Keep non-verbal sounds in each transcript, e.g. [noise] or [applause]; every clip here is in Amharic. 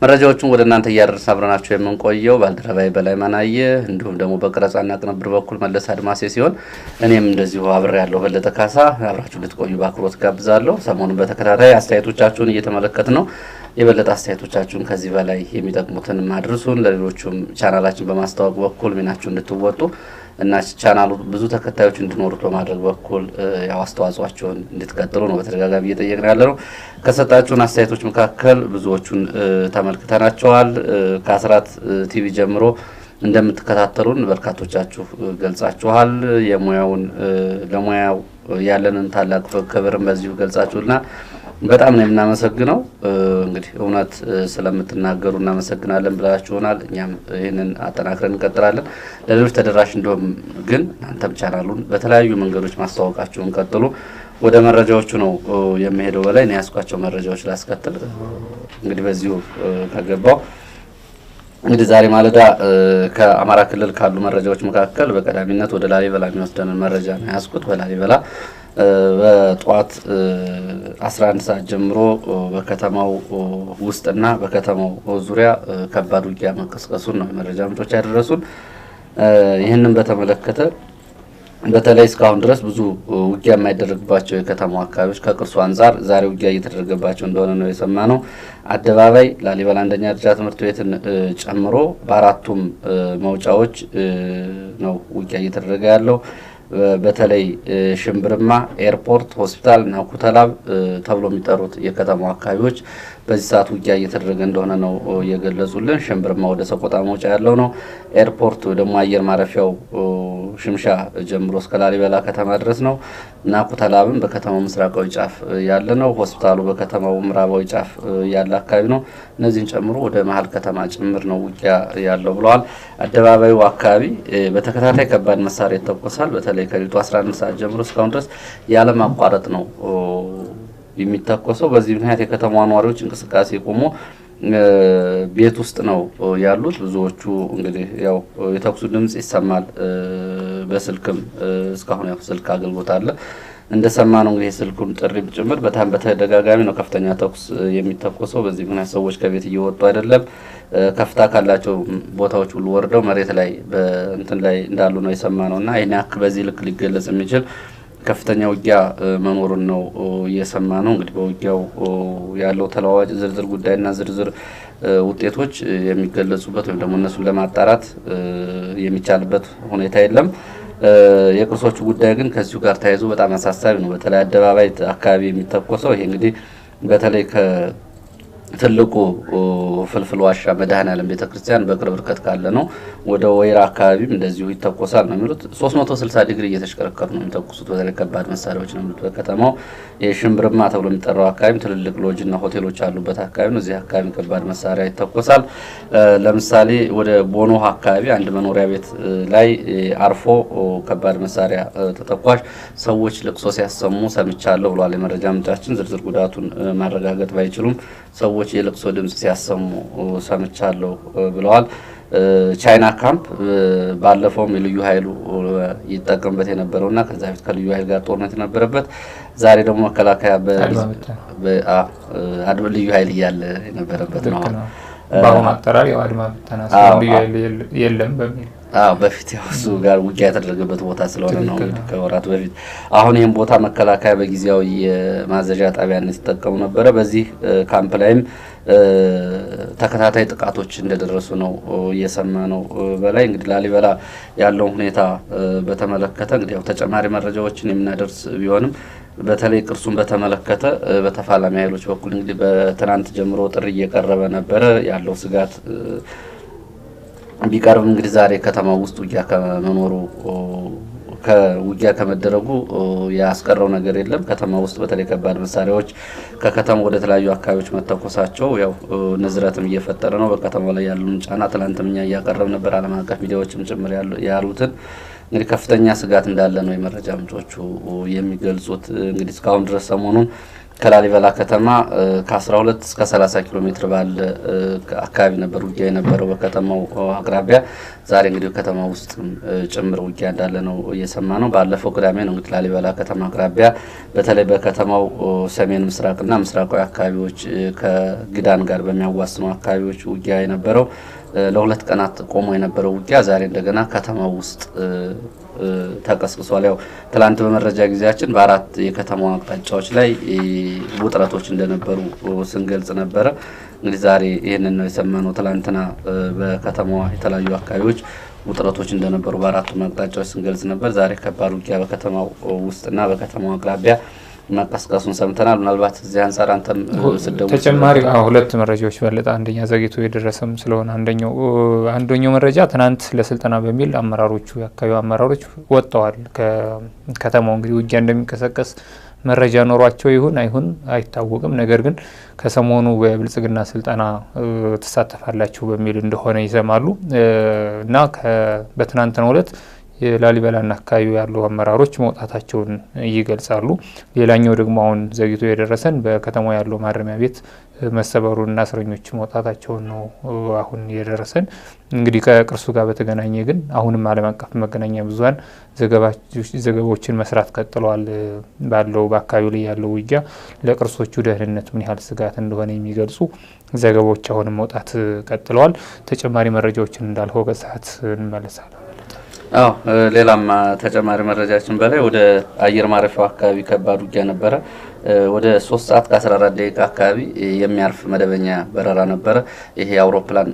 መረጃዎቹን ወደ እናንተ እያደረስ አብረናቸው የምንቆየው ባልደረባይ በላይ ማናየ እንዲሁም ደግሞ በቅረጻና ቅንብር በኩል መለስ አድማሴ ሲሆን እኔም እንደዚሁ አብሬ ያለው በለጠ ካሳ አብራችሁ እንድትቆዩ በአክብሮት ጋብዛለሁ። ሰሞኑን በተከታታይ አስተያየቶቻችሁን እየተመለከት ነው። የበለጠ አስተያየቶቻችሁን ከዚህ በላይ የሚጠቅሙትን ማድርሱን ለሌሎቹም ቻናላችን በማስተዋወቅ በኩል ሚናችሁ እንድትወጡ እና ቻናሉ ብዙ ተከታዮች እንዲኖሩት በማድረግ በኩል ያው አስተዋጽኦአቸውን እንድትቀጥሉ ነው በተደጋጋሚ እየጠየቅን ያለ ነው። ከሰጣችሁን አስተያየቶች መካከል ብዙዎቹን ተመልክተናቸዋል። ከአስራት ቲቪ ጀምሮ እንደምትከታተሉን በርካቶቻችሁ ገልጻችኋል። የሙያውን ለሙያው ያለንን ታላቅ ክብርም በዚሁ ገልጻችሁልና በጣም ነው የምናመሰግነው። እንግዲህ እውነት ስለምትናገሩ እናመሰግናለን ብላችሁናል። እኛም ይህንን አጠናክረን እንቀጥላለን። ለሌሎች ተደራሽ እንደሆም ግን እናንተም ቻናሉን በተለያዩ መንገዶች ማስተዋወቃችሁን ቀጥሉ። ወደ መረጃዎቹ ነው የሚሄደው። በላይ ነው ያስኳቸው መረጃዎች ላስከትል። እንግዲህ በዚሁ ከገባው እንግዲህ ዛሬ ማለዳ ከአማራ ክልል ካሉ መረጃዎች መካከል በቀዳሚነት ወደ ላሊበላ የሚወስደንን መረጃ ነው ያስኩት በላሊበላ በጠዋት 11 ሰዓት ጀምሮ በከተማው ውስጥና በከተማው ዙሪያ ከባድ ውጊያ መቀስቀሱን ነው የመረጃ ምንጮች ያደረሱን። ይህንን በተመለከተ በተለይ እስካሁን ድረስ ብዙ ውጊያ የማይደረግባቸው የከተማው አካባቢዎች ከቅርሱ አንጻር ዛሬ ውጊያ እየተደረገባቸው እንደሆነ ነው የሰማነው። አደባባይ፣ ላሊበላ አንደኛ ደረጃ ትምህርት ቤትን ጨምሮ በአራቱም መውጫዎች ነው ውጊያ እየተደረገ ያለው። በተለይ ሽምብርማ፣ ኤርፖርት፣ ሆስፒታል እና ኩተላብ ተብሎ የሚጠሩት የከተማው አካባቢዎች በዚህ ሰዓት ውጊያ እየተደረገ እንደሆነ ነው የገለጹልን። ሽምብርማ ወደ ሰቆጣ መውጫ ያለው ነው። ኤርፖርት ደግሞ አየር ማረፊያው ሽምሻ ጀምሮ እስከ ላሊበላ ከተማ ድረስ ነው። ናቁተላብም በከተማው ምስራቃዊ ጫፍ ያለ ነው። ሆስፒታሉ በከተማው ምዕራባዊ ጫፍ ያለ አካባቢ ነው። እነዚህን ጨምሮ ወደ መሀል ከተማ ጭምር ነው ውጊያ ያለው ብለዋል። አደባባዩ አካባቢ በተከታታይ ከባድ መሳሪያ ይተኮሳል። በተለይ ከሌቱ 11 ሰዓት ጀምሮ እስካሁን ድረስ ያለማቋረጥ ነው የሚተኮሰው። በዚህ ምክንያት የከተማ ነዋሪዎች እንቅስቃሴ ቆሞ ቤት ውስጥ ነው ያሉት። ብዙዎቹ እንግዲህ ያው የተኩሱ ድምፅ ይሰማል። በስልክም እስካሁን ያው ስልክ አገልግሎት አለ እንደሰማ ነው እንግዲህ ስልኩን ጥሪም ጭምር በጣም በተደጋጋሚ ነው ከፍተኛ ተኩስ የሚተኮሰው። በዚህ ምክንያት ሰዎች ከቤት እየወጡ አይደለም። ከፍታ ካላቸው ቦታዎች ሁሉ ወርደው መሬት ላይ በእንትን ላይ እንዳሉ ነው የሰማ ነው እና ይህን ያክል በዚህ ልክ ሊገለጽ የሚችል ከፍተኛ ውጊያ መኖሩን ነው እየሰማ ነው። እንግዲህ በውጊያው ያለው ተለዋዋጭ ዝርዝር ጉዳይና ዝርዝር ውጤቶች የሚገለጹበት ወይም ደግሞ እነሱን ለማጣራት የሚቻልበት ሁኔታ የለም። የቅርሶቹ ጉዳይ ግን ከዚሁ ጋር ተያይዞ በጣም አሳሳቢ ነው። በተለይ አደባባይ አካባቢ የሚተኮሰው ይሄ እንግዲህ በተለይ ትልቁ ፍልፍል ዋሻ መድኃኔዓለም ቤተክርስቲያን በቅርብ ርቀት ካለ ነው። ወደ ወይራ አካባቢም እንደዚሁ ይተኮሳል ነው የሚሉት። 360 ዲግሪ እየተሽከረከሩ ነው የሚተኩሱት። በተለይ ከባድ መሳሪያዎች ነው የሚሉት። በከተማው የሽምብርማ ተብሎ የሚጠራው አካባቢም ትልልቅ ሎጅና ሆቴሎች አሉበት አካባቢ ነው። እዚህ አካባቢ ከባድ መሳሪያ ይተኮሳል። ለምሳሌ ወደ ቦኖ አካባቢ አንድ መኖሪያ ቤት ላይ አርፎ ከባድ መሳሪያ ተተኳሽ ሰዎች ልቅሶ ሲያሰሙ ሰምቻለሁ ብሏል የመረጃ ምንጫችን። ዝርዝር ጉዳቱን ማረጋገጥ ባይችሉም ሰዎች የለቅሶ ድምፅ ሲያሰሙ ሰምቻለሁ ብለዋል። ቻይና ካምፕ ባለፈውም የልዩ ኃይሉ ይጠቀምበት የነበረው እና ከዛ በፊት ከልዩ ኃይል ጋር ጦርነት የነበረበት ዛሬ ደግሞ መከላከያ ልዩ ኃይል እያለ የነበረበት ነው። በአሁኑ አጠራር ያው ልዩ ብተና የለም በሚል በፊት እሱ ጋር ውጊያ የተደረገበት ቦታ ስለሆነ ነው ከወራት በፊት። አሁን ይህም ቦታ መከላከያ በጊዜያዊ የማዘዣ ጣቢያነት ሲጠቀሙ ነበረ። በዚህ ካምፕ ላይም ተከታታይ ጥቃቶች እንደደረሱ ነው እየሰማ ነው። በላይ እንግዲህ ላሊበላ ያለውን ሁኔታ በተመለከተ እንግዲህ ያው ተጨማሪ መረጃዎችን የምናደርስ ቢሆንም በተለይ ቅርሱን በተመለከተ በተፋላሚ ኃይሎች በኩል እንግዲህ በትናንት ጀምሮ ጥሪ እየቀረበ ነበረ ያለው ስጋት ቢቀርብም እንግዲህ ዛሬ ከተማው ውስጥ ውጊያ ከመኖሩ ከውጊያ ከመደረጉ ያስቀረው ነገር የለም። ከተማ ውስጥ በተለይ ከባድ መሳሪያዎች ከከተማ ወደ ተለያዩ አካባቢዎች መተኮሳቸው ያው ንዝረትም እየፈጠረ ነው። በከተማው ላይ ያሉን ጫና ትናንትም እኛ እያቀረብ ነበር፣ ዓለም አቀፍ ሚዲያዎችም ጭምር ያሉትን እንግዲህ ከፍተኛ ስጋት እንዳለ ነው የመረጃ ምንጮቹ የሚገልጹት። እንግዲህ እስካሁን ድረስ ሰሞኑን ከላሊበላ ከተማ ከ12 እስከ 30 ኪሎ ሜትር ባለ አካባቢ ነበር ውጊያ የነበረው በከተማው አቅራቢያ። ዛሬ እንግዲህ ከተማ ውስጥ ጭምር ውጊያ እንዳለ ነው እየሰማ ነው። ባለፈው ቅዳሜ ነው እንግዲህ ላሊበላ ከተማ አቅራቢያ በተለይ በከተማው ሰሜን ምስራቅና ምስራቃዊ አካባቢዎች ከግዳን ጋር በሚያዋስኑ አካባቢዎች ውጊያ የነበረው ለሁለት ቀናት ቆሞ የነበረው ውጊያ ዛሬ እንደገና ከተማው ውስጥ ተቀስቅሷል። ያው ትላንት በመረጃ ጊዜያችን በአራት የከተማ አቅጣጫዎች ላይ ውጥረቶች እንደነበሩ ስንገልጽ ነበረ። እንግዲህ ዛሬ ይህንን ነው የሰማነው። ትላንትና በከተማዋ የተለያዩ አካባቢዎች ውጥረቶች እንደነበሩ በአራቱ አቅጣጫዎች ስንገልጽ ነበር። ዛሬ ከባድ ውጊያ በከተማው ውስጥና በከተማው አቅራቢያ መቀስቀሱን ሰምተናል። ምናልባት እዚህ አንጻር አንተም ስደሙ ተጨማሪ ሁለት መረጃዎች በለጠ አንደኛ ዘግይቶ የደረሰም ስለሆነ አንደኛው አንደኛው መረጃ ትናንት ለስልጠና በሚል አመራሮቹ የአካባቢ አመራሮች ወጥተዋል። ከከተማው እንግዲህ ውጊያ እንደሚንቀሳቀስ መረጃ ኖሯቸው ይሁን አይሁን አይታወቅም። ነገር ግን ከሰሞኑ በብልጽግና ስልጠና ትሳተፋላችሁ በሚል እንደሆነ ይሰማሉ እና በትናንትናው ዕለት የላሊበላና አካባቢ ያሉ አመራሮች መውጣታቸውን ይገልጻሉ። ሌላኛው ደግሞ አሁን ዘግይቶ የደረሰን በከተማው ያለው ማረሚያ ቤት መሰበሩና እስረኞች መውጣታቸውን ነው አሁን የደረሰን። እንግዲህ ከቅርሱ ጋር በተገናኘ ግን አሁንም ዓለም አቀፍ መገናኛ ብዙኃን ዘገባዎችን መስራት ቀጥለዋል። ባለው በአካባቢው ላይ ያለው ውጊያ ለቅርሶቹ ደህንነት ምን ያህል ስጋት እንደሆነ የሚገልጹ ዘገባዎች አሁንም መውጣት ቀጥለዋል። ተጨማሪ መረጃዎችን እንዳልከው በሰዓት እንመለሳለን። አዎ ሌላም ተጨማሪ መረጃችን በላይ ወደ አየር ማረፊያው አካባቢ ከባድ ውጊያ ነበረ። ወደ ሶስት ሰዓት ከ14 ደቂቃ አካባቢ የሚያርፍ መደበኛ በረራ ነበረ። ይሄ አውሮፕላን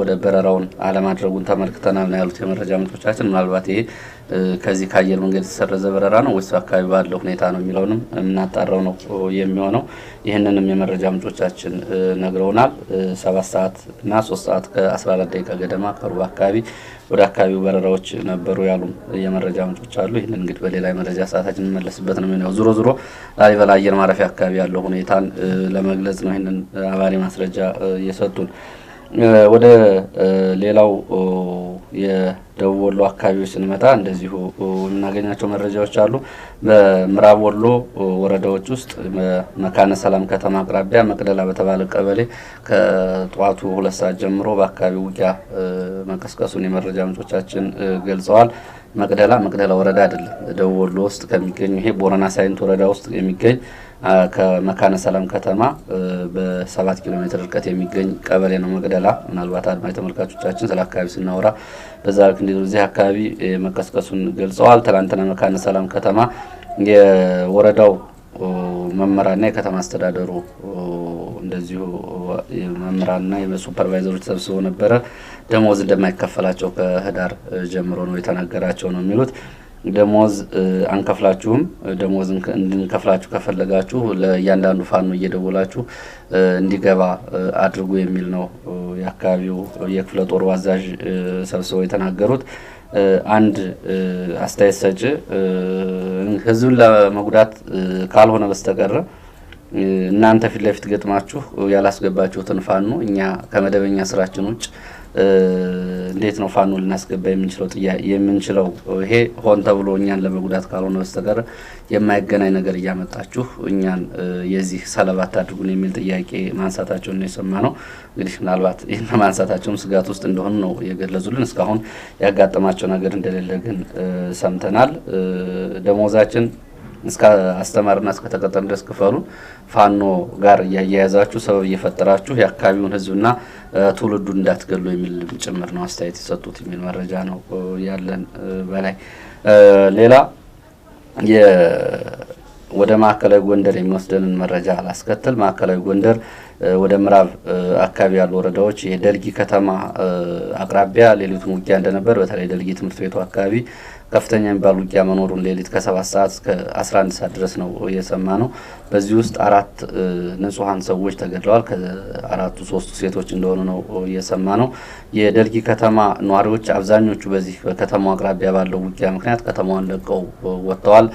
ወደ በረራውን አለማድረጉን ተመልክተናል ነው ያሉት የመረጃ ምንጮቻችን። ምናልባት ይሄ ከዚህ ከአየር መንገድ የተሰረዘ በረራ ነው ወይስ አካባቢ ባለው ሁኔታ ነው የሚለውንም የምናጣራው ነው የሚሆነው። ይህንንም የመረጃ ምንጮቻችን ነግረውናል። ሰባት ሰዓት እና ሶስት ሰዓት ከ14 ደቂቃ ገደማ ከሩብ አካባቢ ወደ አካባቢው በረራዎች ነበሩ ያሉ የመረጃ ምንጮች አሉ። ይህንን እንግዲህ በሌላ የመረጃ ሰዓታችን የምንመለስበት ነው የሚሆነው። ዞሮ ዞሮ ላሊበላ አየር ማረፊያ አካባቢ ያለው ሁኔታን ለመግለጽ ነው ይህንን አባሪ ማስረጃ እየሰጡን ወደ ሌላው ደቡብ ወሎ አካባቢዎች ስንመጣ እንደዚሁ የምናገኛቸው መረጃዎች አሉ። በምዕራብ ወሎ ወረዳዎች ውስጥ መካነ ሰላም ከተማ አቅራቢያ መቅደላ በተባለ ቀበሌ ከጠዋቱ ሁለት ሰዓት ጀምሮ በአካባቢው ውጊያ መቀስቀሱን የመረጃ ምንጮቻችን ገልጸዋል። መቅደላ መቅደላ ወረዳ አይደለም፣ ደቡብ ወሎ ውስጥ ከሚገኙ ይሄ ቦረና ሳይንት ወረዳ ውስጥ የሚገኝ ከመካነ ሰላም ከተማ በሰባት ኪሎ ሜትር ርቀት የሚገኝ ቀበሌ ነው መቅደላ። ምናልባት አድማጭ ተመልካቾቻችን ስለ አካባቢ ስናወራ በዛ ልክ እንዲህ እዚህ አካባቢ መቀስቀሱን ገልጸዋል። ትናንትና መካነ ሰላም ከተማ የወረዳው መምህራንና የከተማ አስተዳደሩ እንደዚሁ መምህራንና የሱፐርቫይዘሮች ተሰብስበው ነበረ። ደሞዝ እንደማይከፈላቸው ከህዳር ጀምሮ ነው የተናገራቸው ነው የሚሉት ደሞዝ አንከፍላችሁም። ደሞዝ እንድንከፍላችሁ ከፈለጋችሁ ለእያንዳንዱ ፋኖ እየደወላችሁ እንዲገባ አድርጉ የሚል ነው የአካባቢው የክፍለ ጦሩ አዛዥ ሰብስበው የተናገሩት። አንድ አስተያየት ሰጪ ህዝብን ለመጉዳት ካልሆነ በስተቀረ እናንተ ፊት ለፊት ገጥማችሁ ያላስገባችሁትን ፋኖ እኛ ከመደበኛ ስራችን ውጭ እንዴት ነው ፋኖ ልናስገባ የምንችለው ጥያቄ የምንችለው? ይሄ ሆን ተብሎ እኛን ለመጉዳት ካልሆነ በስተቀር የማይገናኝ ነገር እያመጣችሁ እኛን የዚህ ሰለባ አድርጉን የሚል ጥያቄ ማንሳታቸውን ነው የሰማ ነው። እንግዲህ ምናልባት ይህን ማንሳታቸውም ስጋት ውስጥ እንደሆኑ ነው የገለጹልን። እስካሁን ያጋጠማቸው ነገር እንደሌለ ግን ሰምተናል። ደሞዛችን እስከ አስተማርና እስከ ተቀጠም ድረስ ክፈሉ ፋኖ ጋር እያያያዛችሁ ሰበብ እየፈጠራችሁ የአካባቢውን ህዝብና ትውልዱ እንዳትገሉ የሚል ጭምር ነው አስተያየት የሰጡት የሚል መረጃ ነው ያለን። በላይ ሌላ ወደ ማዕከላዊ ጎንደር የሚወስደንን መረጃ አላስከትል። ማዕከላዊ ጎንደር ወደ ምዕራብ አካባቢ ያሉ ወረዳዎች የደልጊ ከተማ አቅራቢያ ሌሊቱን ውጊያ እንደነበር በተለይ ደልጊ ትምህርት ቤቱ አካባቢ ከፍተኛ የሚባል ውጊያ መኖሩን ሌሊት ከሰባት ሰዓት እስከ አስራ አንድ ሰዓት ድረስ ነው እየሰማ ነው። በዚህ ውስጥ አራት ንጹሀን ሰዎች ተገድለዋል። ከአራቱ ሶስቱ ሴቶች እንደሆኑ ነው እየሰማ ነው። የደልጊ ከተማ ነዋሪዎች አብዛኞቹ በዚህ ከተማው አቅራቢያ ባለው ውጊያ ምክንያት ከተማዋን ለቀው ወጥተዋል።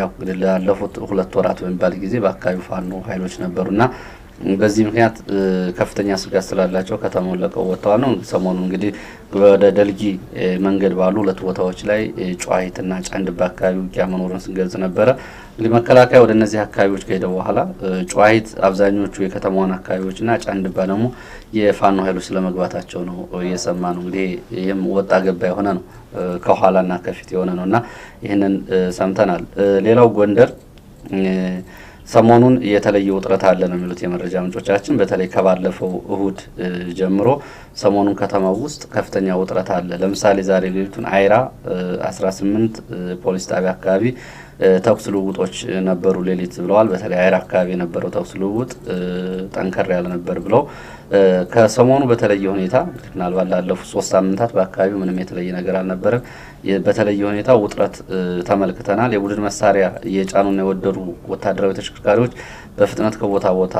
ያው ላለፉት ሁለት ወራት በሚባል ጊዜ በአካባቢው ፋኖ ኃይሎች ነበሩና በዚህ ምክንያት ከፍተኛ ስጋት ስላላቸው ከተማውን ለቀው ወጥተዋል ነው። ሰሞኑ እንግዲህ ወደ ደልጊ መንገድ ባሉ ሁለት ቦታዎች ላይ ጨዋሂትና ጫንድባ አካባቢ ውጊያ መኖሩን ስንገልጽ ነበረ። እንግዲህ መከላከያ ወደ እነዚህ አካባቢዎች ከሄደ በኋላ ጨዋሂት አብዛኞቹ የከተማዋን አካባቢዎችና ጫንድባ ደግሞ የፋኖ ኃይሎች ስለመግባታቸው ነው እየሰማ ነው። እንግዲህ ይህም ወጣ ገባ የሆነ ነው፣ ከኋላና ከፊት የሆነ ነው እና ይህንን ሰምተናል። ሌላው ጎንደር ሰሞኑን የተለየ ውጥረት አለ ነው የሚሉት የመረጃ ምንጮቻችን። በተለይ ከባለፈው እሁድ ጀምሮ ሰሞኑን ከተማው ውስጥ ከፍተኛ ውጥረት አለ። ለምሳሌ ዛሬ ሌሊቱን አይራ 18 ፖሊስ ጣቢያ አካባቢ ተኩስ ልውውጦች ነበሩ ሌሊት ብለዋል። በተለይ አይራ አካባቢ የነበረው ተኩስ ልውውጥ ጠንከር ያለ ነበር ብለው ከሰሞኑ በተለየ ሁኔታ ምናልባት ላለፉት ሶስት ሳምንታት በአካባቢው ምንም የተለየ ነገር አልነበረም። በተለየ ሁኔታ ውጥረት ተመልክተናል። የቡድን መሳሪያ የጫኑና የወደዱ ወታደራዊ ተሽከርካሪዎች በፍጥነት ከቦታ ቦታ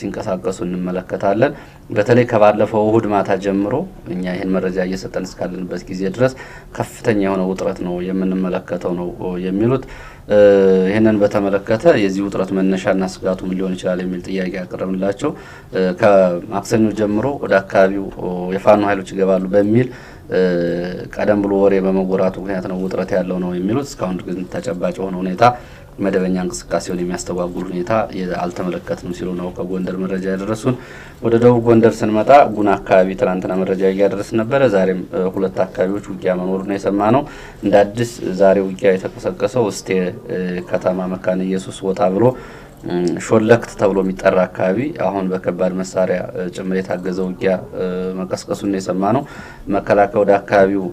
ሲንቀሳቀሱ እንመለከታለን። በተለይ ከባለፈው እሁድ ማታ ጀምሮ እኛ ይህን መረጃ እየሰጠን እስካለንበት ጊዜ ድረስ ከፍተኛ የሆነ ውጥረት ነው የምንመለከተው ነው የሚሉት ይህንን በተመለከተ የዚህ ውጥረት መነሻና ስጋቱ ሊሆን ይችላል የሚል ጥያቄ ያቀረብንላቸው ከማክሰኞ ጀምሮ ወደ አካባቢው የፋኖ ኃይሎች ይገባሉ በሚል ቀደም ብሎ ወሬ በመጎራቱ ምክንያት ነው ውጥረት ያለው ነው የሚሉት። እስካሁን ግን ተጨባጭ የሆነ ሁኔታ መደበኛ እንቅስቃሴውን የሚያስተጓጉል ሁኔታ አልተመለከትንም ሲሉ ነው ከጎንደር መረጃ ያደረሱን። ወደ ደቡብ ጎንደር ስንመጣ ጉና አካባቢ ትናንትና መረጃ እያደረስ ነበረ። ዛሬም ሁለት አካባቢዎች ውጊያ መኖሩ ነው የሰማ ነው። እንደ አዲስ ዛሬ ውጊያ የተቀሰቀሰው እስቴ ከተማ መካነ ኢየሱስ ወጣ ብሎ ሾለክት ተብሎ የሚጠራ አካባቢ አሁን በከባድ መሳሪያ ጭምር የታገዘ ውጊያ መቀስቀሱን ነው የሰማ ነው። መከላከያ ወደ አካባቢው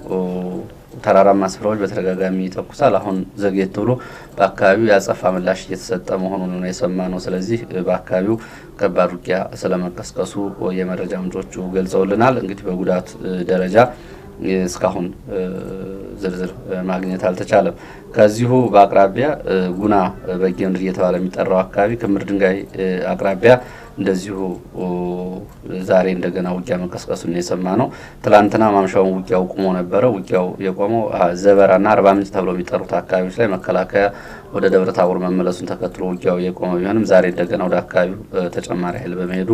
ተራራማ ስፍራዎች በተደጋጋሚ ይተኩሳል። አሁን ዘግየት ብሎ በአካባቢው ያጸፋ ምላሽ እየተሰጠ መሆኑን ነው የሰማ ነው። ስለዚህ በአካባቢው ከባድ ውጊያ ስለመቀስቀሱ የመረጃ ምንጮቹ ገልጸውልናል። እንግዲህ በጉዳት ደረጃ እስካሁን ዝርዝር ማግኘት አልተቻለም። ከዚሁ በአቅራቢያ ጉና በጌምድር እየተባለ የሚጠራው አካባቢ ክምር ድንጋይ አቅራቢያ እንደዚሁ ዛሬ እንደገና ውጊያ መቀስቀሱን የሰማ ነው። ትላንትና ማምሻውን ውጊያው ቁሞ ነበረ። ውጊያው የቆመው ዘበራና አርባ ምንጭ ተብሎ የሚጠሩት አካባቢዎች ላይ መከላከያ ወደ ደብረ ታቦር መመለሱን ተከትሎ ውጊያው የቆመ ቢሆንም ዛሬ እንደገና ወደ አካባቢው ተጨማሪ ኃይል በመሄዱ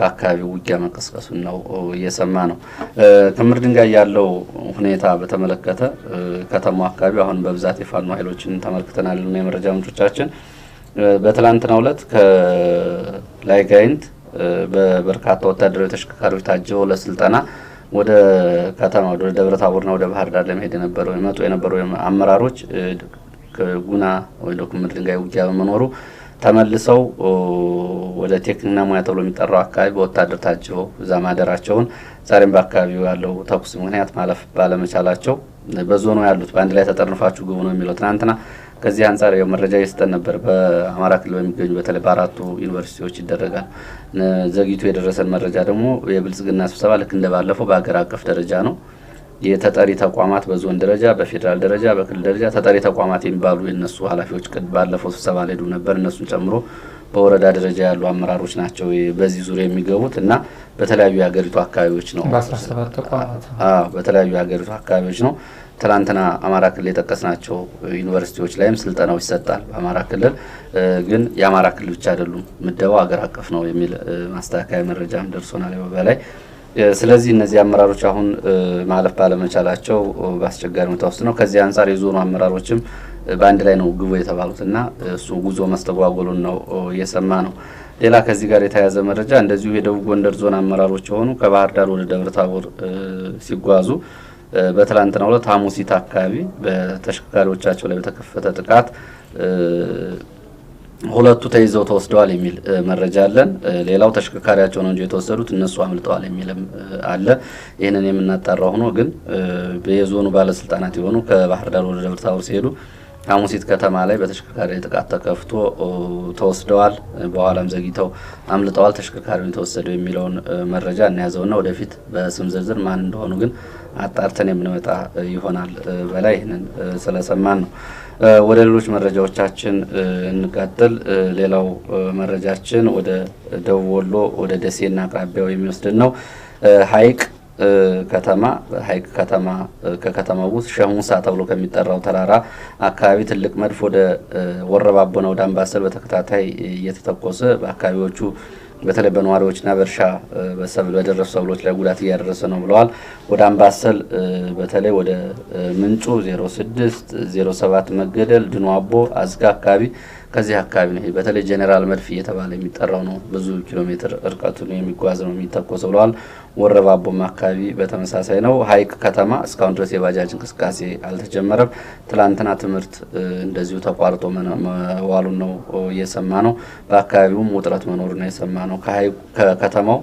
በአካባቢው ውጊያ መቀስቀሱን ነው እየሰማ ነው። ክምር ድንጋይ ያለው ሁኔታ በተመለከተ ከተማ አካባቢ አሁን በብዛት የፋኖ ኃይሎችን ተመልክተናል እና የመረጃ ምንጮቻችን በትላንትናው ዕለት ከላይ ጋይንት በበርካታ ወታደራዊ ተሽከርካሪዎች ታጅበው ለስልጠና ወደ ከተማ ወደ ደብረ ታቦርና ወደ ባህር ዳር ለመሄድ የነበረው የመጡ የነበረው አመራሮች ጉና ወይ ክምር ድንጋይ ውጊያ በመኖሩ ተመልሰው ወደ ቴክኒክና ሙያ ተብሎ የሚጠራው አካባቢ በወታደር ታጅበው እዛ ማደራቸውን ዛሬም በአካባቢው ያለው ተኩስ ምክንያት ማለፍ ባለመቻላቸው በዞኑ ያሉት በአንድ ላይ ተጠርንፋችሁ ግቡ ነው የሚለው። ትናንትና ከዚህ አንጻር ያው መረጃ እየሰጠን ነበር። በአማራ ክልል በሚገኙ በተለይ በአራቱ ዩኒቨርሲቲዎች ይደረጋል። ዘግይቶ የደረሰን መረጃ ደግሞ የብልጽግና ስብሰባ ልክ እንደባለፈው በሀገር አቀፍ ደረጃ ነው የተጠሪ ተቋማት በዞን ደረጃ፣ በፌዴራል ደረጃ፣ በክልል ደረጃ ተጠሪ ተቋማት የሚባሉ የነሱ ኃላፊዎች ባለፈው ስብሰባ ላይ ሄዱ ነበር። እነሱን ጨምሮ በወረዳ ደረጃ ያሉ አመራሮች ናቸው በዚህ ዙሪያ የሚገቡት እና በተለያዩ የሀገሪቱ አካባቢዎች ነው በተለያዩ የሀገሪቱ አካባቢዎች ነው። ትናንትና አማራ ክልል የጠቀስናቸው ዩኒቨርሲቲዎች ላይም ስልጠናው ይሰጣል። በአማራ ክልል ግን የአማራ ክልል ብቻ አይደሉም ምደባው ሀገር አቀፍ ነው የሚል ማስተካከያ መረጃም ደርሶናል በላይ ስለዚህ እነዚህ አመራሮች አሁን ማለፍ ባለመቻላቸው በአስቸጋሪ ሁኔታ ውስጥ ነው። ከዚህ አንጻር የዞኑ አመራሮችም በአንድ ላይ ነው ግቡ የተባሉት እና እሱ ጉዞ መስተጓጎሉን ነው እየሰማ ነው። ሌላ ከዚህ ጋር የተያያዘ መረጃ እንደዚሁ የደቡብ ጎንደር ዞን አመራሮች የሆኑ ከባህር ዳር ወደ ደብረ ታቦር ሲጓዙ በትላንትናው ዕለት ሐሙሲት አካባቢ በተሽከርካሪዎቻቸው ላይ በተከፈተ ጥቃት ሁለቱ ተይዘው ተወስደዋል የሚል መረጃ አለን። ሌላው ተሽከርካሪያቸው ነው እንጂ የተወሰዱት እነሱ አምልጠዋል የሚልም አለ። ይህንን የምናጣራው ሆኖ ግን የዞኑ ባለስልጣናት የሆኑ ከባህር ዳር ወደ ደብረ ታቦር ሲሄዱ ሐሙሲት ከተማ ላይ በተሽከርካሪ ጥቃት ተከፍቶ ተወስደዋል። በኋላም ዘግይተው አምልጠዋል። ተሽከርካሪውን የተወሰደው የሚለውን መረጃ እናያዘውና ወደፊት በስም ዝርዝር ማን እንደሆኑ ግን አጣርተን የምንመጣ ይሆናል። በላይ ይህንን ስለሰማን ነው። ወደ ሌሎች መረጃዎቻችን እንቀጥል። ሌላው መረጃችን ወደ ደቡብ ወሎ ወደ ደሴና አቅራቢያው የሚወስድን ነው። ሀይቅ ከተማ ሀይቅ ከተማ ከከተማው ውስጥ ሸሙሳ ተብሎ ከሚጠራው ተራራ አካባቢ ትልቅ መድፍ ወደ ወረባቦና ወደ አምባሰል በተከታታይ እየተተኮሰ በአካባቢዎቹ በተለይ በነዋሪዎችና በእርሻ በሰብል በደረሱ ሰብሎች ላይ ጉዳት እያደረሰ ነው ብለዋል። ወደ አምባሰል በተለይ ወደ ምንጩ 06 07 መገደል ድኖ አቦ አዝጋ አካባቢ ከዚህ አካባቢ ነው። በተለይ ጄኔራል መድፍ እየተባለ የሚጠራው ነው ብዙ ኪሎ ሜትር እርቀቱን የሚጓዝ ነው የሚተኮስ ብለዋል። ወረባቦም አካባቢ በተመሳሳይ ነው። ሀይቅ ከተማ እስካሁን ድረስ የባጃጅ እንቅስቃሴ አልተጀመረም። ትላንትና ትምህርት እንደዚሁ ተቋርጦ መዋሉን ነው እየሰማ ነው። በአካባቢውም ውጥረት መኖሩ ነው የሰማ ነው። ከከተማው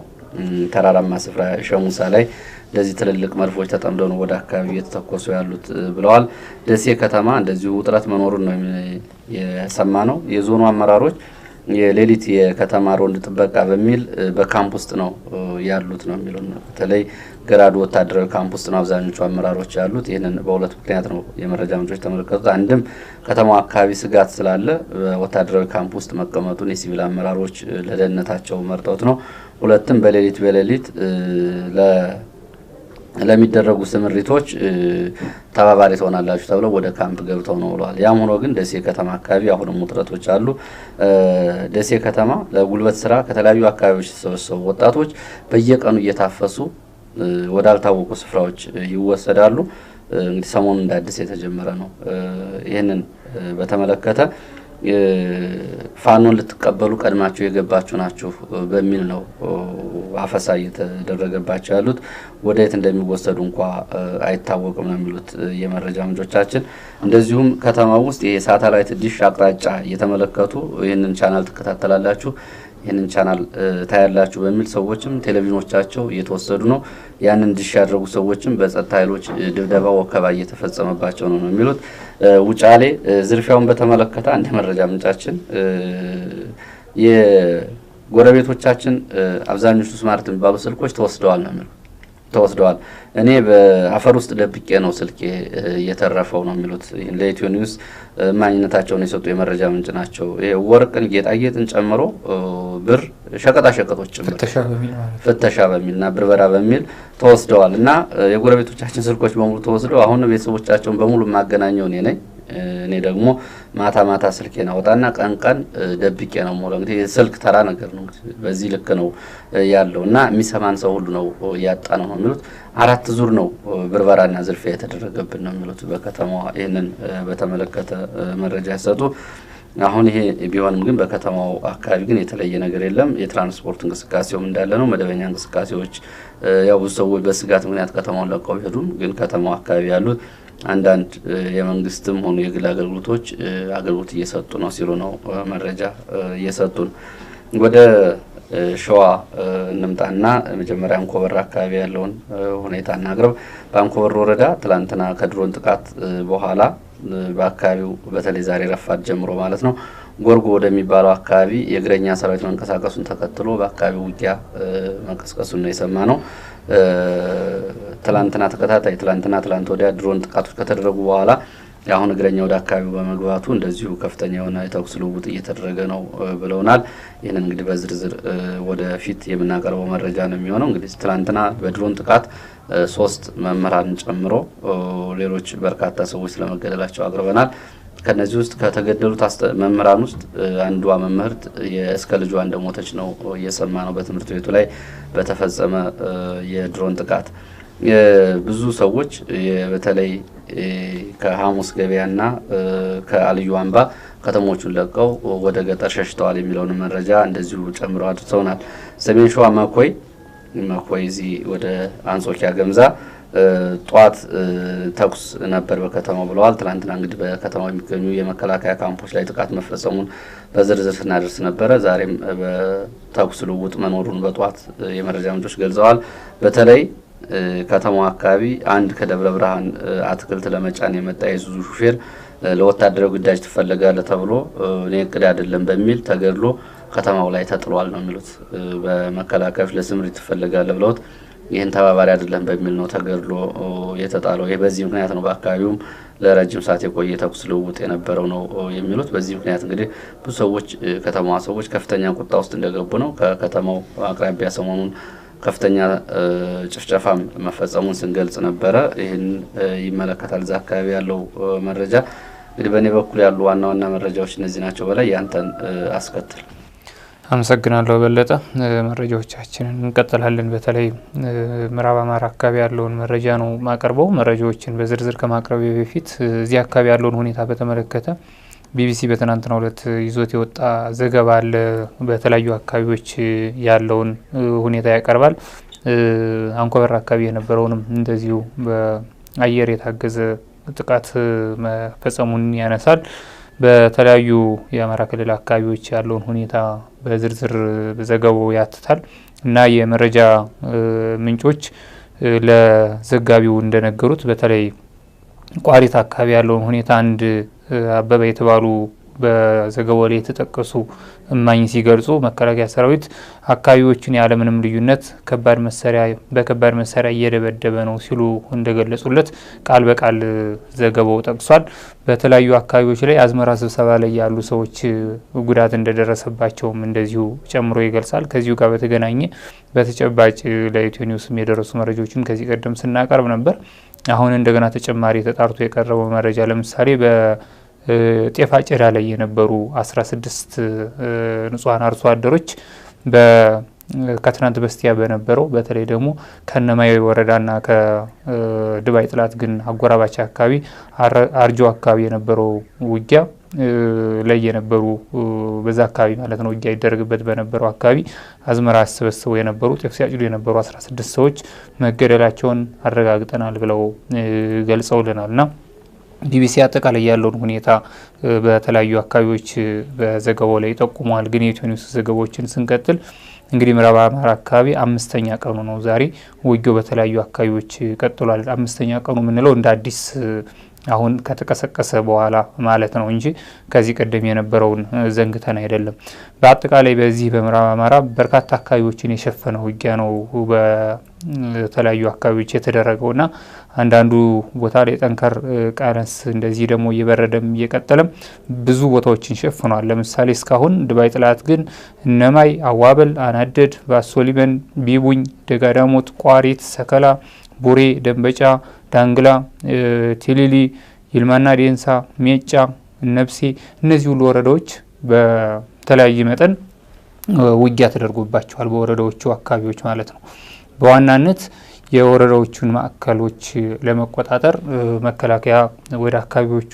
ተራራማ ስፍራ ሸሙሳ ላይ እንደዚህ ትልልቅ መድፎች ተጠምደው ነው ወደ አካባቢ እየተተኮሱ ያሉት ብለዋል። ደሴ ከተማ እንደዚሁ ውጥረት መኖሩን ነው የሰማ ነው። የዞኑ አመራሮች የሌሊት የከተማ ሮንድ ጥበቃ በሚል በካምፕ ውስጥ ነው ያሉት ነው የሚለው በተለይ ገራዱ ወታደራዊ ካምፕ ውስጥ ነው አብዛኞቹ አመራሮች ያሉት። ይህንን በሁለት ምክንያት ነው የመረጃ ምንጮች ተመለከቱት። አንድም ከተማው አካባቢ ስጋት ስላለ በወታደራዊ ካምፕ ውስጥ መቀመጡን የሲቪል አመራሮች ለደህንነታቸው መርጠውት ነው። ሁለትም በሌሊት በሌሊት ለሚደረጉ ስምሪቶች ተባባሪ ትሆናላችሁ ተብለው ወደ ካምፕ ገብተው ነው ብለዋል። ያም ሆኖ ግን ደሴ ከተማ አካባቢ አሁንም ውጥረቶች አሉ። ደሴ ከተማ ለጉልበት ስራ ከተለያዩ አካባቢዎች የተሰበሰቡ ወጣቶች በየቀኑ እየታፈሱ ወዳልታወቁ ስፍራዎች ይወሰዳሉ። እንግዲህ ሰሞኑን እንደ አዲስ የተጀመረ ነው። ይህንን በተመለከተ ፋኖን ልትቀበሉ ቀድማችሁ የገባችሁ ናችሁ በሚል ነው አፈሳ እየተደረገባቸው ያሉት። ወደ የት እንደሚወሰዱ እንኳ አይታወቅም ነው የሚሉት የመረጃ ምንጮቻችን። እንደዚሁም ከተማ ውስጥ የሳተላይት ዲሽ አቅጣጫ እየተመለከቱ ይህንን ቻናል ትከታተላላችሁ ይህንን ቻናል ታያላችሁ በሚል ሰዎችም ቴሌቪዥኖቻቸው እየተወሰዱ ነው። ያንን ድሽ ያደረጉ ሰዎችም በጸጥታ ኃይሎች ድብደባ፣ ወከባ እየተፈጸመባቸው ነው ነው የሚሉት። ውጫሌ ዝርፊያውን በተመለከተ አንድ መረጃ ምንጫችን የጎረቤቶቻችን አብዛኞቹ ስማርት የሚባሉ ስልኮች ተወስደዋል ነው የሚሉት ተወስደዋል። እኔ በአፈር ውስጥ ደብቄ ነው ስልኬ የተረፈው ነው የሚሉት ለኢትዮ ኒውስ ማኝነታቸውን የሰጡ የመረጃ ምንጭ ናቸው። ወርቅን፣ ጌጣጌጥን ጨምሮ ብር፣ ሸቀጣሸቀጦች ጭምር ፍተሻ በሚልና ብርበራ በሚል ተወስደዋል እና የጎረቤቶቻችን ስልኮች በሙሉ ተወስደው አሁን ቤተሰቦቻቸውን በሙሉ የማገናኘው እኔ ነኝ። እኔ ደግሞ ማታ ማታ ስልኬን አወጣና ቀን ቀን ደብቄ ነው ሞለ እንግዲህ ስልክ ተራ ነገር ነው፣ በዚህ ልክ ነው ያለው እና የሚሰማን ሰው ሁሉ ነው ያጣ ነው ነው የሚሉት። አራት ዙር ነው ብርበራና ዝርፊያ የተደረገብን ነው የሚሉት በከተማዋ ይህንን በተመለከተ መረጃ ሲሰጡ አሁን ይሄ ቢሆንም ግን በከተማው አካባቢ ግን የተለየ ነገር የለም። የትራንስፖርት እንቅስቃሴውም እንዳለ ነው። መደበኛ እንቅስቃሴዎች ያው ብዙ ሰዎች በስጋት ምክንያት ከተማውን ለቀው ቢሄዱም ግን ከተማው አካባቢ ያሉት አንዳንድ የመንግስትም ሆኑ የግል አገልግሎቶች አገልግሎት እየሰጡ ነው ሲሉ ነው መረጃ እየሰጡን። ወደ ሸዋ እንምጣና መጀመሪያ አንኮበር አካባቢ ያለውን ሁኔታ እናቅርብ። በአንኮበር ወረዳ ትላንትና ከድሮን ጥቃት በኋላ በአካባቢው በተለይ ዛሬ ረፋት ጀምሮ ማለት ነው ጎርጎ ወደሚባለው አካባቢ የእግረኛ ሰራዊት መንቀሳቀሱን ተከትሎ በአካባቢው ውጊያ መቀስቀሱን ነው የሰማ ነው። ትላንትና ተከታታይ ትላንትና ትላንት ወዲያ ድሮን ጥቃቶች ከተደረጉ በኋላ አሁን እግረኛ ወደ አካባቢው በመግባቱ እንደዚሁ ከፍተኛ የሆነ የተኩስ ልውውጥ እየተደረገ ነው ብለውናል። ይህን እንግዲህ በዝርዝር ወደፊት የምናቀርበው መረጃ ነው የሚሆነው። እንግዲህ ትላንትና በድሮን ጥቃት ሶስት መምህራንን ጨምሮ ሌሎች በርካታ ሰዎች ስለመገደላቸው አቅርበናል። ከነዚህ ውስጥ ከተገደሉት መምህራን ውስጥ አንዷ መምህርት እስከ ልጇ እንደሞተች ነው እየሰማ ነው። በትምህርት ቤቱ ላይ በተፈጸመ የድሮን ጥቃት ብዙ ሰዎች በተለይ ከሐሙስ ገበያና ከአልዩ አምባ ከተሞቹን ለቀው ወደ ገጠር ሸሽተዋል የሚለውን መረጃ እንደዚሁ ጨምረው አድርሰውናል። ሰሜን ሸዋ መኮይ መኮይ እዚህ ወደ አንጾኪያ ገምዛ ጠዋት ተኩስ ነበር በከተማው ብለዋል። ትናንትና እንግዲህ በከተማው የሚገኙ የመከላከያ ካምፖች ላይ ጥቃት መፈጸሙን በዝርዝር ስናደርስ ነበረ። ዛሬም በተኩስ ልውውጥ መኖሩን በጠዋት የመረጃ ምንጮች ገልጸዋል። በተለይ ከተማው አካባቢ አንድ ከደብረ ብርሃን አትክልት ለመጫን የመጣ የዙዙ ሹፌር ለወታደራዊ ግዳጅ ትፈለጋለህ ተብሎ እኔ እቅድ አይደለም በሚል ተገድሎ ከተማው ላይ ተጥሏል ነው የሚሉት። በመከላከያዎች ለስምሪት ትፈለጋለ ብለውት ይህን ተባባሪ አይደለም በሚል ነው ተገድሎ የተጣለው። ይህ በዚህ ምክንያት ነው። በአካባቢውም ለረጅም ሰዓት የቆየ ተኩስ ልውውጥ የነበረው ነው የሚሉት። በዚህ ምክንያት እንግዲህ ብዙ ሰዎች ከተማዋ ሰዎች ከፍተኛ ቁጣ ውስጥ እንደገቡ ነው። ከከተማው አቅራቢያ ሰሞኑን ከፍተኛ ጭፍጨፋም መፈጸሙን ስንገልጽ ነበረ። ይህን ይመለከታል እዛ አካባቢ ያለው መረጃ። እንግዲህ በእኔ በኩል ያሉ ዋና ዋና መረጃዎች እነዚህ ናቸው። በላይ ያንተን አስከትል አመሰግናለሁ በለጠ። መረጃዎቻችንን እንቀጥላለን። በተለይ ምዕራብ አማራ አካባቢ ያለውን መረጃ ነው ማቀርበው። መረጃዎችን በዝርዝር ከማቅረብ በፊት እዚህ አካባቢ ያለውን ሁኔታ በተመለከተ ቢቢሲ በትናንትናው ሁለት ይዞት የወጣ ዘገባ አለ። በተለያዩ አካባቢዎች ያለውን ሁኔታ ያቀርባል። አንኮበር አካባቢ የነበረውንም እንደዚሁ በአየር የታገዘ ጥቃት መፈጸሙን ያነሳል። በተለያዩ የአማራ ክልል አካባቢዎች ያለውን ሁኔታ በዝርዝር ዘገባው ያትታል እና የመረጃ ምንጮች ለዘጋቢው እንደነገሩት በተለይ ቋሪት አካባቢ ያለውን ሁኔታ አንድ አበበ የተባሉ በዘገባው ላይ የተጠቀሱ እማኝ ሲገልጹ መከላከያ ሰራዊት አካባቢዎችን ያለምንም ልዩነት ከባድ መሳሪያ በከባድ መሳሪያ እየደበደበ ነው ሲሉ እንደገለጹለት ቃል በቃል ዘገባው ጠቅሷል። በተለያዩ አካባቢዎች ላይ አዝመራ ስብሰባ ላይ ያሉ ሰዎች ጉዳት እንደደረሰባቸውም እንደዚሁ ጨምሮ ይገልጻል። ከዚሁ ጋር በተገናኘ በተጨባጭ ለኢትዮ ኒውስም የደረሱ መረጃዎችን ከዚህ ቀደም ስናቀርብ ነበር። አሁን እንደገና ተጨማሪ ተጣርቶ የቀረበው መረጃ ለምሳሌ ጤፍ አጨዳ ላይ የነበሩ 16 ንጹሐን አርሶ አደሮች ከትናንት በስቲያ በነበረው በተለይ ደግሞ ከነማይ ወረዳና ከድባይ ጥላት ግን አጎራባች አካባቢ አርጆ አካባቢ የነበረው ውጊያ ላይ የነበሩ በዛ አካባቢ ማለት ነው ውጊያ ይደረግበት በነበረው አካባቢ አዝመራ ያሰበሰቡ የነበሩ ጤፍ ሲያጭዱ የነበሩ 16 ሰዎች መገደላቸውን አረጋግጠናል ብለው ገልጸውልናል ና ቢቢሲ አጠቃላይ ያለውን ሁኔታ በተለያዩ አካባቢዎች በዘገባው ላይ ጠቁመዋል። ግን የኢትዮ ኒውስ ዘገባዎችን ስንቀጥል እንግዲህ ምዕራብ አማራ አካባቢ አምስተኛ ቀኑ ነው ዛሬ ውጊያው በተለያዩ አካባቢዎች ቀጥሏል። አምስተኛ ቀኑ የምንለው እንደ አዲስ አሁን ከተቀሰቀሰ በኋላ ማለት ነው እንጂ ከዚህ ቀደም የነበረውን ዘንግተን አይደለም። በአጠቃላይ በዚህ በምዕራብ አማራ በርካታ አካባቢዎችን የሸፈነ ውጊያ ነው በተለያዩ አካባቢዎች የተደረገውና አንዳንዱ ቦታ ላይ ጠንከር ቀነስ እንደዚህ ደግሞ እየበረደም እየቀጠለም ብዙ ቦታዎችን ሸፍኗል። ለምሳሌ እስካሁን ድባይ ጥላት ግን እነማይ፣ አዋበል፣ አናደድ፣ ባሶሊበን፣ ቢቡኝ፣ ደጋዳሞት፣ ቋሪት፣ ሰከላ፣ ቡሬ፣ ደንበጫ ዳንግላ፣ ቴሌሊ፣ ይልማና ዴንሳ፣ ሜጫ፣ ነብሴ እነዚህ ሁሉ ወረዳዎች በተለያየ መጠን ውጊያ ተደርጎባቸዋል። በወረዳዎቹ አካባቢዎች ማለት ነው። በዋናነት የወረዳዎቹን ማዕከሎች ለመቆጣጠር መከላከያ ወደ አካባቢዎቹ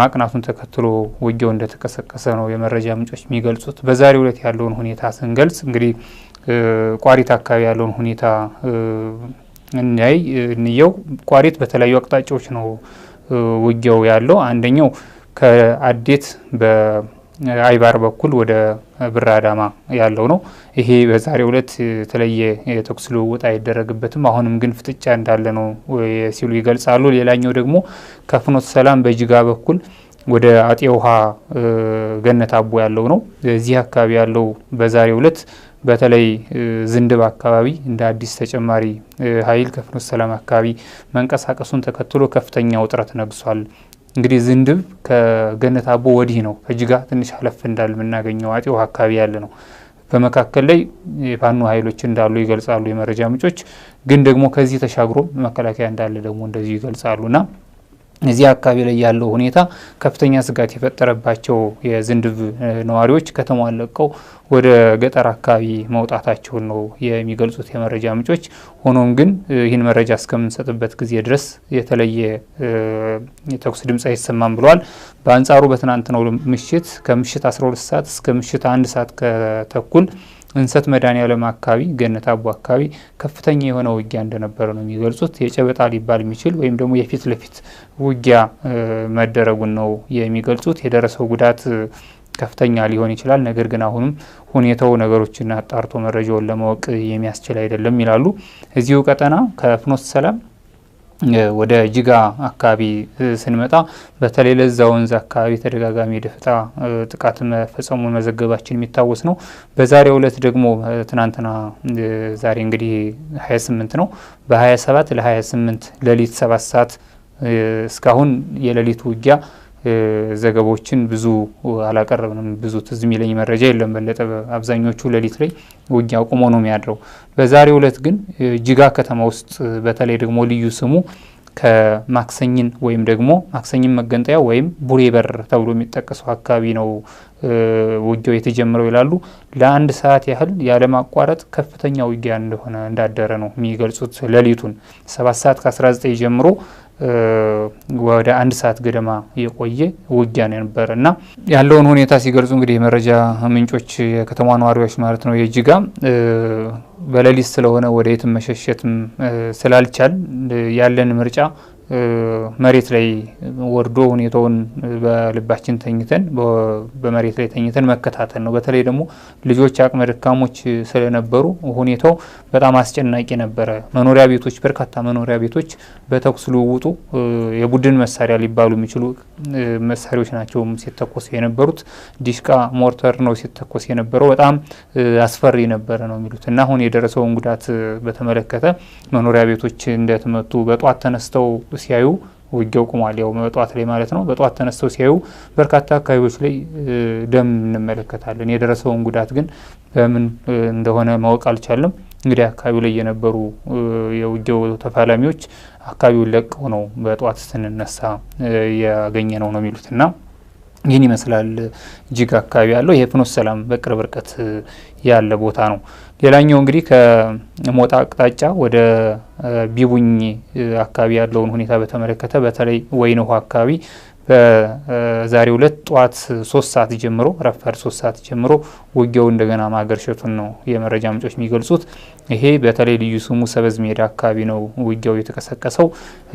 ማቅናቱን ተከትሎ ውጊያው እንደተቀሰቀሰ ነው የመረጃ ምንጮች የሚገልጹት። በዛሬው ዕለት ያለውን ሁኔታ ስንገልጽ እንግዲህ ቋሪት አካባቢ ያለውን ሁኔታ እናይ እንየው። ቋሪት በተለያዩ አቅጣጫዎች ነው ውጊያው ያለው። አንደኛው ከአዴት በአይባር በኩል ወደ ብር አዳማ ያለው ነው። ይሄ በዛሬው ዕለት የተለየ የተኩስ ልውውጥ አይደረግበትም። አሁንም ግን ፍጥጫ እንዳለ ነው ሲሉ ይገልጻሉ። ሌላኛው ደግሞ ከፍኖት ሰላም በጅጋ በኩል ወደ አጤ ውሃ ገነት አቦ ያለው ነው። እዚህ አካባቢ ያለው በዛሬው ዕለት በተለይ ዝንድብ አካባቢ እንደ አዲስ ተጨማሪ ኃይል ከፍኖተ ሰላም አካባቢ መንቀሳቀሱን ተከትሎ ከፍተኛ ውጥረት ነግሷል። እንግዲህ ዝንድብ ከገነት አቦ ወዲህ ነው፣ ከጅጋ ትንሽ አለፍ እንዳል የምናገኘው አጤው አካባቢ ያለ ነው። በመካከል ላይ የፋኖ ኃይሎች እንዳሉ ይገልጻሉ የመረጃ ምንጮች። ግን ደግሞ ከዚህ ተሻግሮ መከላከያ እንዳለ ደግሞ እንደዚሁ ና እዚህ አካባቢ ላይ ያለው ሁኔታ ከፍተኛ ስጋት የፈጠረባቸው የዝንድብ ነዋሪዎች ከተማዋን ለቀው ወደ ገጠር አካባቢ መውጣታቸውን ነው የሚገልጹት የመረጃ ምንጮች። ሆኖም ግን ይህን መረጃ እስከምንሰጥበት ጊዜ ድረስ የተለየ የተኩስ ድምፅ አይሰማም ብለዋል። በአንጻሩ በትናንትናው ምሽት ከምሽት 12 ሰዓት እስከ ምሽት አንድ ሰዓት ከተኩል እንሰት መድኃኔዓለም አካባቢ ገነት አቦ አካባቢ ከፍተኛ የሆነ ውጊያ እንደነበረ ነው የሚገልጹት። የጨበጣ ሊባል የሚችል ወይም ደግሞ የፊት ለፊት ውጊያ መደረጉን ነው የሚገልጹት። የደረሰው ጉዳት ከፍተኛ ሊሆን ይችላል። ነገር ግን አሁንም ሁኔታው ነገሮችን አጣርቶ መረጃውን ለማወቅ የሚያስችል አይደለም ይላሉ። እዚሁ ቀጠና ከፍኖተ ሰላም ወደ ጅጋ አካባቢ ስንመጣ በተለይ ለዛ ወንዝ አካባቢ ተደጋጋሚ የደፈጣ ጥቃት መፈጸሙን መዘገባችን የሚታወስ ነው። በዛሬው ዕለት ደግሞ ትናንትና ዛሬ እንግዲህ 28 ነው። በ27 ለ28 ሌሊት 7 ሰዓት እስካሁን የሌሊቱ ውጊያ ዘገባዎችን ብዙ አላቀረብንም። ብዙ ትዝ የሚለኝ መረጃ የለም። በለጠ አብዛኞቹ ሌሊት ላይ ውጊያ ቁሞ ነው የሚያድረው። በዛሬው ሁለት ግን ጅጋ ከተማ ውስጥ በተለይ ደግሞ ልዩ ስሙ ከማክሰኝን ወይም ደግሞ ማክሰኝን መገንጠያ ወይም ቡሬ በር ተብሎ የሚጠቀሰው አካባቢ ነው ውጊያው የተጀመረው ይላሉ። ለአንድ ሰዓት ያህል ያለማቋረጥ ከፍተኛ ውጊያ እንደሆነ እንዳደረ ነው የሚገልጹት። ሌሊቱን ሰባት ሰዓት ከ19 ጀምሮ ወደ አንድ ሰዓት ገደማ የቆየ ውጊያ የነበረ እና ያለውን ሁኔታ ሲገልጹ እንግዲህ የመረጃ ምንጮች የከተማ ነዋሪዎች ማለት ነው የእጅጋ በሌሊት ስለሆነ ወደ የትም መሸሸትም ስላልቻል ያለን ምርጫ መሬት ላይ ወርዶ ሁኔታውን በልባችን ተኝተን በመሬት ላይ ተኝተን መከታተል ነው። በተለይ ደግሞ ልጆች አቅመ ደካሞች ስለነበሩ ሁኔታው በጣም አስጨናቂ ነበረ። መኖሪያ ቤቶች በርካታ መኖሪያ ቤቶች በተኩስ ልውውጡ የቡድን መሳሪያ ሊባሉ የሚችሉ መሳሪያዎች ናቸው ሲተኮስ የነበሩት። ዲሽቃ ሞርተር ነው ሲተኮስ የነበረው። በጣም አስፈሪ ነበረ ነው የሚሉት እና አሁን የደረሰውን ጉዳት በተመለከተ መኖሪያ ቤቶች እንደተመቱ በጠዋት ተነስተው ሲያዩ ውጊያው ቁሟል። ያው በጠዋት ላይ ማለት ነው። በጠዋት ተነስተው ሲያዩ በርካታ አካባቢዎች ላይ ደም እንመለከታለን። የደረሰውን ጉዳት ግን በምን እንደሆነ ማወቅ አልቻለም። እንግዲህ አካባቢው ላይ የነበሩ የውጊያው ተፋላሚዎች አካባቢውን ለቀው ነው በጠዋት ስንነሳ ያገኘ ነው ነው የሚሉት እና ይህን ይመስላል እጅግ አካባቢ ያለው የፍኖተ ሰላም በቅርብ ርቀት ያለ ቦታ ነው። ሌላኛው እንግዲህ ከሞጣ አቅጣጫ ወደ ቢቡኝ አካባቢ ያለውን ሁኔታ በተመለከተ በተለይ ወይን ውሃ አካባቢ በዛሬ ሁለት ጠዋት ሶስት ሰዓት ጀምሮ ረፋድ ሶስት ሰዓት ጀምሮ ውጊያው እንደገና ማገርሸቱን ነው የመረጃ ምንጮች የሚገልጹት። ይሄ በተለይ ልዩ ስሙ ሰበዝ ሜዳ አካባቢ ነው ውጊያው የተቀሰቀሰው።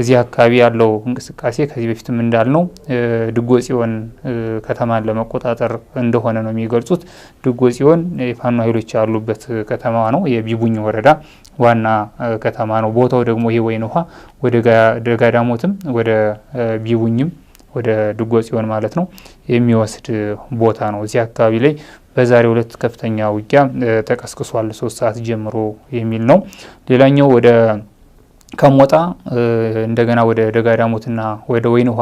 እዚህ አካባቢ ያለው እንቅስቃሴ ከዚህ በፊትም እንዳልነው ድጎ ጽዮን ከተማን ለመቆጣጠር እንደሆነ ነው የሚገልጹት። ድጎ ጽዮን የፋኖ ኃይሎች ያሉበት ከተማ ነው። የቢቡኝ ወረዳ ዋና ከተማ ነው። ቦታው ደግሞ ይሄ ወይን ውሃ ወደ ደጋዳሞትም ወደ ቢቡኝም ወደ ድጎ ጽዮን ማለት ነው የሚወስድ ቦታ ነው። እዚህ አካባቢ ላይ በዛሬ ሁለት ከፍተኛ ውጊያ ተቀስቅሷል፣ ሶስት ሰዓት ጀምሮ የሚል ነው። ሌላኛው ወደ ከሞጣ እንደገና ወደ ደጋዳሞትና ወደ ወይን ውሃ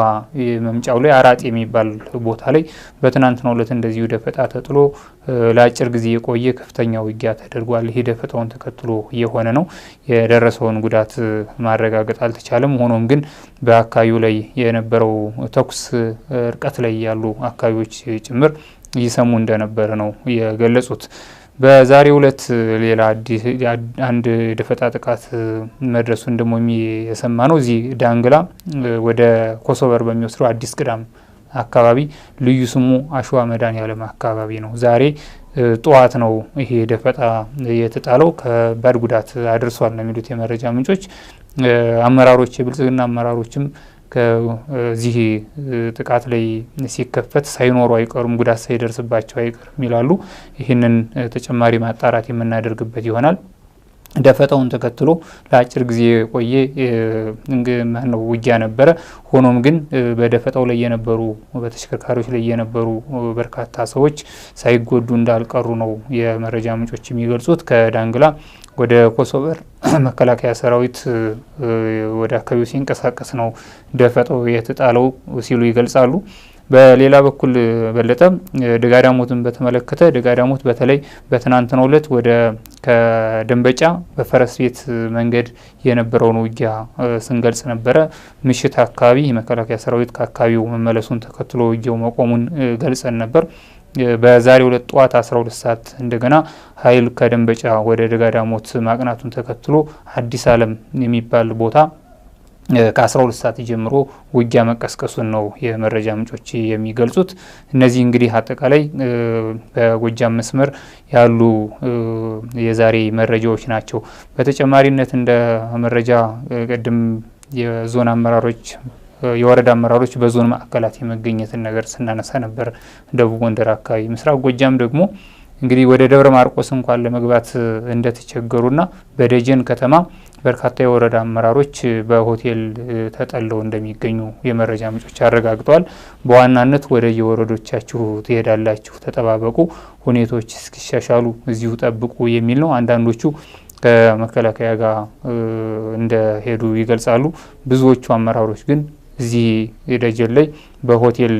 መምጫው ላይ አራጥ የሚባል ቦታ ላይ በትናንትናው ዕለት እንደዚሁ ደፈጣ ተጥሎ ለአጭር ጊዜ የቆየ ከፍተኛ ውጊያ ተደርጓል። ይህ ደፈጣውን ተከትሎ የሆነ ነው። የደረሰውን ጉዳት ማረጋገጥ አልተቻለም። ሆኖም ግን በአካባቢው ላይ የነበረው ተኩስ ርቀት ላይ ያሉ አካባቢዎች ጭምር ይሰሙ እንደነበረ ነው የገለጹት። በዛሬው ዕለት ሌላ አንድ ደፈጣ ጥቃት መድረሱን ደግሞ የሰማ ነው። እዚህ ዳንግላ ወደ ኮሶበር በሚወስደው አዲስ ቅዳም አካባቢ ልዩ ስሙ አሸዋ መድኃኔዓለም አካባቢ ነው። ዛሬ ጠዋት ነው ይሄ ደፈጣ የተጣለው። ከባድ ጉዳት አድርሷል ነው የሚሉት የመረጃ ምንጮች። አመራሮች የብልጽግና አመራሮችም ከዚህ ጥቃት ላይ ሲከፈት ሳይኖሩ አይቀሩም፣ ጉዳት ሳይደርስባቸው አይቀርም ይላሉ። ይህንን ተጨማሪ ማጣራት የምናደርግበት ይሆናል። ደፈጣውን ተከትሎ ለአጭር ጊዜ ቆየ ነው ውጊያ ነበረ። ሆኖም ግን በደፈጣው ላይ የነበሩ በተሽከርካሪዎች ላይ የነበሩ በርካታ ሰዎች ሳይጎዱ እንዳልቀሩ ነው የመረጃ ምንጮች የሚገልጹት ከዳንግላ ወደ ኮሶበር [clears throat] መከላከያ ሰራዊት ወደ አካባቢው ሲንቀሳቀስ ነው ደፈጠው የተጣለው ሲሉ ይገልጻሉ። በሌላ በኩል በለጠ ደጋዳሞትን በተመለከተ ደጋዳሞት በተለይ በትናንትናው ዕለት ወደ ከደንበጫ በፈረስ ቤት መንገድ የነበረውን ውጊያ ስንገልጽ ነበረ። ምሽት አካባቢ የመከላከያ ሰራዊት ከአካባቢው መመለሱን ተከትሎ ውጊያው መቆሙን ገልጸን ነበር። በዛሬ ሁለት ጠዋት 12 ሰዓት እንደገና ኃይል ከደንበጫ ወደ ደጋዳሞት ማቅናቱን ተከትሎ አዲስ ዓለም የሚባል ቦታ ከ12 ሰዓት ጀምሮ ውጊያ መቀስቀሱን ነው የመረጃ ምንጮች የሚገልጹት። እነዚህ እንግዲህ አጠቃላይ በጎጃም መስመር ያሉ የዛሬ መረጃዎች ናቸው። በተጨማሪነት እንደ መረጃ ቅድም የዞን አመራሮች የወረዳ አመራሮች በዞን ማዕከላት የመገኘትን ነገር ስናነሳ ነበር። ደቡብ ጎንደር አካባቢ፣ ምስራቅ ጎጃም ደግሞ እንግዲህ ወደ ደብረ ማርቆስ እንኳን ለመግባት እንደተቸገሩና በደጀን ከተማ በርካታ የወረዳ አመራሮች በሆቴል ተጠለው እንደሚገኙ የመረጃ ምንጮች አረጋግጠዋል። በዋናነት ወደ የወረዶቻችሁ ትሄዳላችሁ፣ ተጠባበቁ፣ ሁኔታዎች እስኪሻሻሉ እዚሁ ጠብቁ የሚል ነው። አንዳንዶቹ ከመከላከያ ጋር እንደሄዱ ይገልጻሉ። ብዙዎቹ አመራሮች ግን እዚህ ደጀን ላይ በሆቴል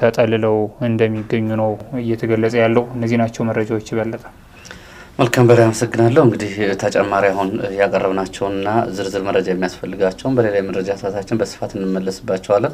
ተጠልለው እንደሚገኙ ነው እየተገለጸ ያለው። እነዚህ ናቸው መረጃዎች። ይበለጠ መልካም በላይ አመሰግናለሁ። እንግዲህ ተጨማሪ አሁን ያቀረብናቸውና ዝርዝር መረጃ የሚያስፈልጋቸውን በሌላ የመረጃ ሰዓታችን በስፋት እንመለስባቸዋለን።